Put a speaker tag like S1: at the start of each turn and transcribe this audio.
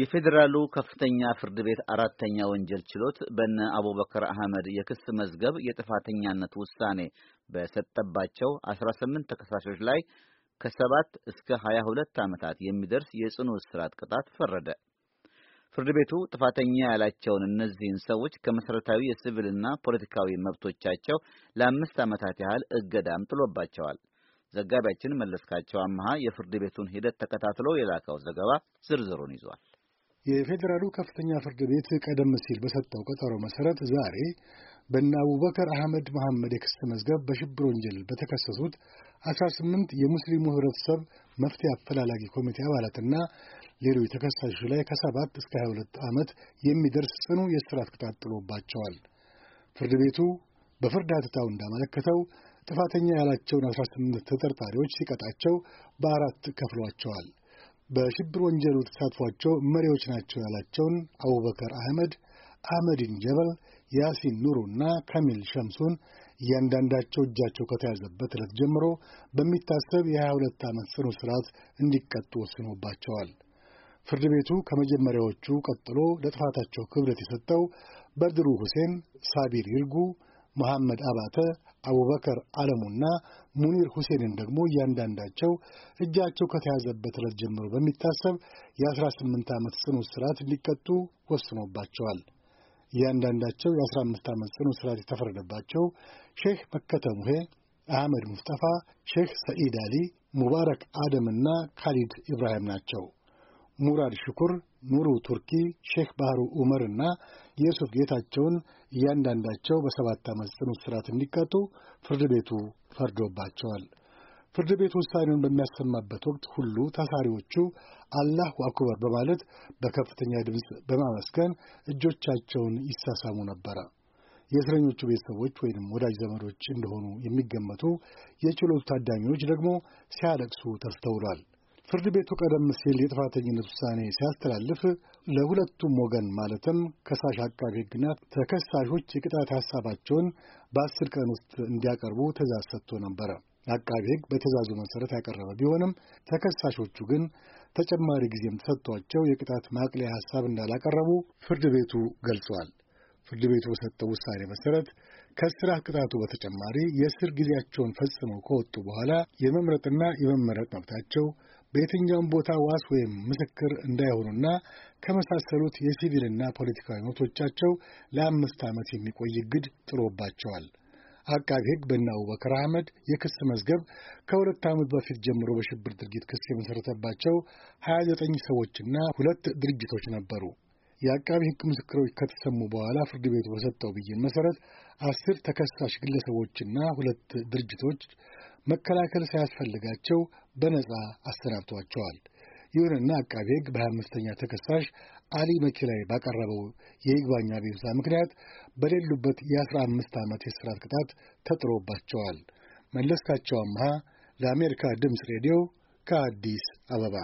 S1: የፌዴራሉ ከፍተኛ ፍርድ ቤት አራተኛ ወንጀል ችሎት በነ አቡበከር አህመድ የክስ መዝገብ የጥፋተኛነት ውሳኔ በሰጠባቸው 18 ተከሳሾች ላይ ከሰባት እስከ 22 ዓመታት የሚደርስ የጽኑ እስራት ቅጣት ፈረደ። ፍርድ ቤቱ ጥፋተኛ ያላቸውን እነዚህን ሰዎች ከመሠረታዊ የሲቪልና ፖለቲካዊ መብቶቻቸው ለአምስት ዓመታት ያህል እገዳም ጥሎባቸዋል። ዘጋቢያችን መለስካቸው አመሃ የፍርድ ቤቱን ሂደት ተከታትሎ የላከው ዘገባ ዝርዝሩን ይዟል።
S2: የፌዴራሉ ከፍተኛ ፍርድ ቤት ቀደም ሲል በሰጠው ቀጠሮ መሰረት ዛሬ በእነ አቡበከር አህመድ መሐመድ የክስ መዝገብ በሽብር ወንጀል በተከሰሱት 18 የሙስሊሙ ህብረተሰብ መፍትሄ አፈላላጊ ኮሚቴ አባላትና ሌሎች ተከሳሾች ላይ ከሰባት እስከ 22 ዓመት የሚደርስ ጽኑ የእስራት ቅጣት ጥሎባቸዋል። ፍርድ ቤቱ በፍርድ አትታው እንዳመለከተው ጥፋተኛ ያላቸውን 18 ተጠርጣሪዎች ሲቀጣቸው በአራት ከፍሏቸዋል። በሽብር ወንጀሉ ተሳትፏቸው መሪዎች ናቸው ያላቸውን አቡበከር አህመድ፣ አህመዲን ጀበል፣ ያሲን እና ከሚል ሸምሱን እያንዳንዳቸው እጃቸው ከተያዘበት ዕለት ጀምሮ በሚታሰብ የ22 ዓመት ጽኑ ሥርዓት እንዲቀጡ ወስኖባቸዋል። ፍርድ ቤቱ ከመጀመሪያዎቹ ቀጥሎ ለጥፋታቸው ክብደት የሰጠው በድሩ ሁሴን፣ ሳቢር ይርጉ መሐመድ አባተ፣ አቡበከር አለሙና ሙኒር ሁሴንን ደግሞ እያንዳንዳቸው እጃቸው ከተያዘበት ዕለት ጀምሮ በሚታሰብ የ18 ዓመት ጽኑ እስራት እንዲቀጡ ወስኖባቸዋል። እያንዳንዳቸው የ15 ዓመት ጽኑ እስራት የተፈረደባቸው ሼህ መከተሙሄ፣ አህመድ ሙስጠፋ፣ ሼህ ሰኢድ አሊ፣ ሙባረክ አደምና ካሊድ ኢብራሂም ናቸው። ሙራድ ሽኩር ኑሩ ቱርኪ፣ ሼክ ባህሩ ዑመር እና የሱፍ ጌታቸውን እያንዳንዳቸው በሰባት ዓመት ጽኑ እስራት እንዲቀጡ ፍርድ ቤቱ ፈርዶባቸዋል። ፍርድ ቤት ውሳኔውን በሚያሰማበት ወቅት ሁሉ ታሳሪዎቹ አላሁ አክበር በማለት በከፍተኛ ድምፅ በማመስገን እጆቻቸውን ይሳሳሙ ነበረ። የእስረኞቹ ቤተሰቦች ወይም ወዳጅ ዘመዶች እንደሆኑ የሚገመቱ የችሎቱ ታዳሚዎች ደግሞ ሲያለቅሱ ተስተውሏል። ፍርድ ቤቱ ቀደም ሲል የጥፋተኝነት ውሳኔ ሲያስተላልፍ ለሁለቱም ወገን ማለትም ከሳሽ አቃቢ ሕግና ተከሳሾች የቅጣት ሀሳባቸውን በአስር ቀን ውስጥ እንዲያቀርቡ ትእዛዝ ሰጥቶ ነበረ። አቃቢ ሕግ በትእዛዙ መሠረት ያቀረበ ቢሆንም ተከሳሾቹ ግን ተጨማሪ ጊዜም ተሰጥቷቸው የቅጣት ማቅለያ ሀሳብ እንዳላቀረቡ ፍርድ ቤቱ ገልጿል። ፍርድ ቤቱ በሰጠው ውሳኔ መሠረት ከስራ ቅጣቱ በተጨማሪ የእስር ጊዜያቸውን ፈጽመው ከወጡ በኋላ የመምረጥና የመመረጥ መብታቸው በየትኛውም ቦታ ዋስ ወይም ምስክር እንዳይሆኑና ከመሳሰሉት የሲቪልና ፖለቲካዊ መብቶቻቸው ለአምስት ዓመት የሚቆይ እግድ ጥሎባቸዋል። አቃቢ ሕግ በእነ አቡበከር አህመድ የክስ መዝገብ ከሁለት ዓመት በፊት ጀምሮ በሽብር ድርጊት ክስ የመሠረተባቸው 29 ሰዎችና ሁለት ድርጅቶች ነበሩ። የአቃቢ ሕግ ምስክሮች ከተሰሙ በኋላ ፍርድ ቤቱ በሰጠው ብይን መሠረት አስር ተከሳሽ ግለሰቦችና ሁለት ድርጅቶች መከላከል ሳያስፈልጋቸው በነጻ አሰናብቷቸዋል። ይሁንና አቃቤ ሕግ በ25ኛ ተከሳሽ አሊ መኪ ላይ ባቀረበው የይግባኝ አቤቱታ ምክንያት በሌሉበት የአስራ አምስት ዓመት የእስራት ቅጣት ተጥሮባቸዋል። መለስካቸው አምሃ ለአሜሪካ ድምፅ ሬዲዮ ከአዲስ አበባ